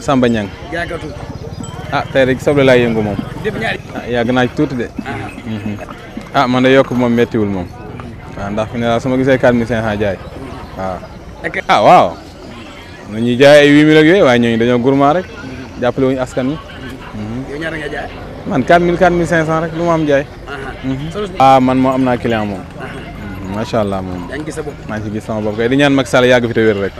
Samba Niang. yàggatu. ah rek soble laa yëngu moom. ah yàgg naa tuuti de. Ah. Mhm. ah man de yokk moom méttiwul moom. waaw ah, ndax fi ne daal su ma gisee quatre mille cinq cent jaay waaw. Ah. ah waaw. nu ñuy jaay ay huit mille dañoo gourmand rek. jàppale wuñu askan wi. Mhm. yow ñaata nga man quatre mille quatre mille cinq rek lu ma jaay. ah mhm. man moo am naa client moom. macha allah moom yaa gis sa bopp maa ngi ci gis sama bopp kay di ñaan Macky Sall yàgg fi te wér rek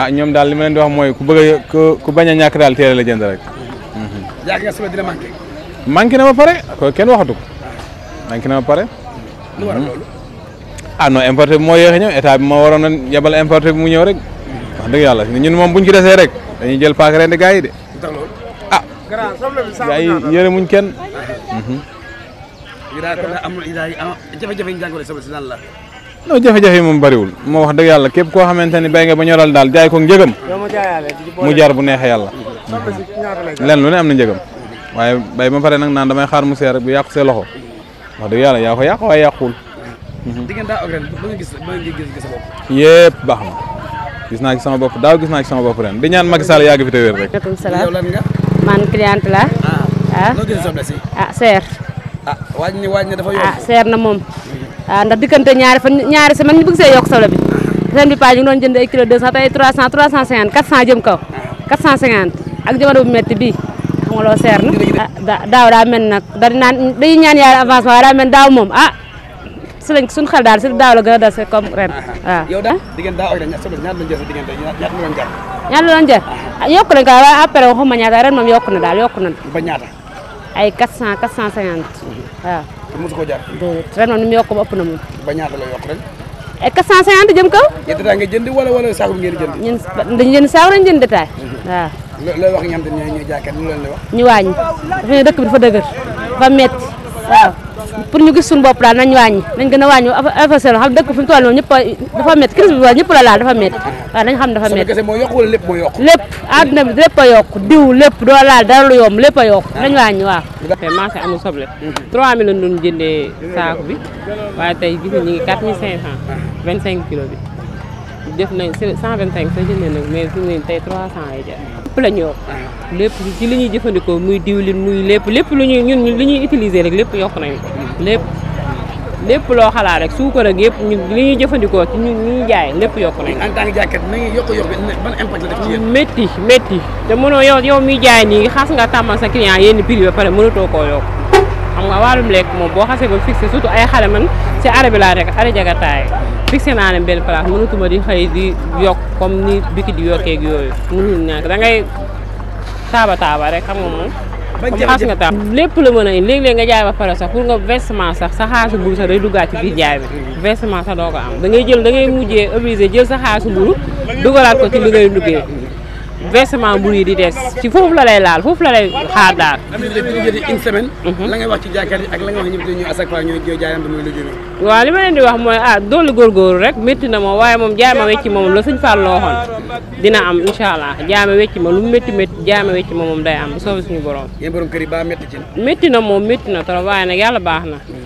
ah ñoom daal li ma wax mooy ku bëgg a ku bañ a ñàkk daal teel la jënd rek mm-hmm. yàgg na ma pare ko kenn waxatu ko manqué na ma pare lu war loolu mm-hmm. ah non importé bi moo yéexe ñëw état bi moo waroon a yebal importé bi mu ñëw rek mm-hmm. wax dëgg yàlla ñun moom buñ ci desee rek dañuy jël paak ren di gars yi de ah gars yi muñ kenn ah. amul jafe-jafe ñu jàngoro soble si lan la non jafe-jafe moom bëriwul moo wax dëgg yàlla képp koo xamante ni béy nga ba ñoral daal jaay ko njëgam mu jaar bu neexee yàlla len lu ne am na njëgam waaye béy ba pare nag naan damay xaar mu seer bu yàqu see loxo wax dëgg yàlla yaa ko yàq waaye yàquwul mhm. diggante daaw ak ren ba nga gis ba nga gis sa bopp yëpp baax na gis naa ci sama bopp daaw gis naa ci sama bopp ren di ñaan Macky Sall yàgg fi te wér rek. waaleykum salaam man cliente la ah. ah. ah seer ah wàññi wàññi dafa yomb ah seer na moom waaw ah, ndax diggante ñaari fan ñaari semaine ñu bëgg see yokk solo bi ren bi paa ñu ngi doon jënd ay kilo 200 tey 300 350 400 jëm kaw 450 ak jamono bu metti bii xam nga loo seer na ah, daaw daa mel nag da di naan dañuy ñaan yaay avancement waaye daa daaw moom ah si lañ suñu xel daal si daaw la gën a dal si comme ren ah, waaw yow daal diggante daaw ak ren ñaata lañ yokk ko waaye ñaata ren moom yokk na daal yokk na ba ñaata ay 400 cent waaw. cent mosu ko jaar. ren moom ni mu yokk ba ëpp na moom. ba ñaata la yokk ren. Eh, ay 450 jëm kaw. yéen détail nga jënd wala wala saako ngeen jënd. ñun dañu jënd saako dañu jënd détail. Mhm. waaw. looy wax ñam te ñooy ñooy jaakaar lu leen di wax. ñu wàññi dafa ne dëkk bi dafa dëgër dafa pour ñu gis suñu bopp daal nañ wàññi nañ gën a wàññi affaire seen xam dëkk fi mu toll moom ñëpp dafa métti crise bi waaw ñëpp la laal dafa métti waaw nañ xam dafa métti lépp àdduna bi lépp a yokk diw lépp doo laal dara lépp yokk nañ wàññi waaw marché amul soble 3000 mhm. lañ doon jëndee saaku bi waaye tey gis ñi ngi 4500 25 kilo bi def nañ 125 sa jëndee nag mais fi mu ne tey 300 ay jar lépp la ñu yokk ah. lépp ci li ñuy jëfandikoo muy diwlin muy lépp lépp lu ñuy ñun li ñuy utiliser rek lépp yokk nañ lépp lépp loo xalaat rek suukar ak yëpp ñu li ñuy jëfandikoo ci ñu ñuy jaay lépp yokk nañ. en tant que jaaykat nañu yokk yokk ban ci métti métti te mënoo yow yow miy jaay nii xas nga tàmmal sa client yenn prix ba pare mënatoo koo yokk xam nga wàllum lekk moom boo xasee ba fixé surtout ay xale man si arrêt bi laa rek arrêt jagataay fixé naa leen benn place mënatuma di xëy di yokk comme ni biki di yokkee ak yooyu mënul ñàkk da ngay taaba taaba rek xam nga moom. xaas nga taal lépp la mën a indi léeg-léeg nga jaay ba pare sax pour nga versement sax sa xaasu mburu sax day duggaat ci biir jaay bi versement sax doo am da ngay jël da ngay mujjee obligé jël sa xaasu mburu dugalaat ko ci li ngay liggéey versement bu yi di des ci foofu la lay laal foofu la lay xaar daal. une semaine. Mhm. wax ci jaaykat yi ak la nga wax ñëpp ñu à chaque fois ñooy jaayante muy lu jëmee. waaw li ma leen di wax mooy ah dolli góorgóorlu métti na moom waaye moom jaay ma wecc moom la suñ fàll dina am incha allah jaay ma wecc ma lu métti métti jaay ma wecc ma moom day am bu suñu borom. yéen borom kër yi métti na. métti na moom métti na trop waaye nag yàlla baax na.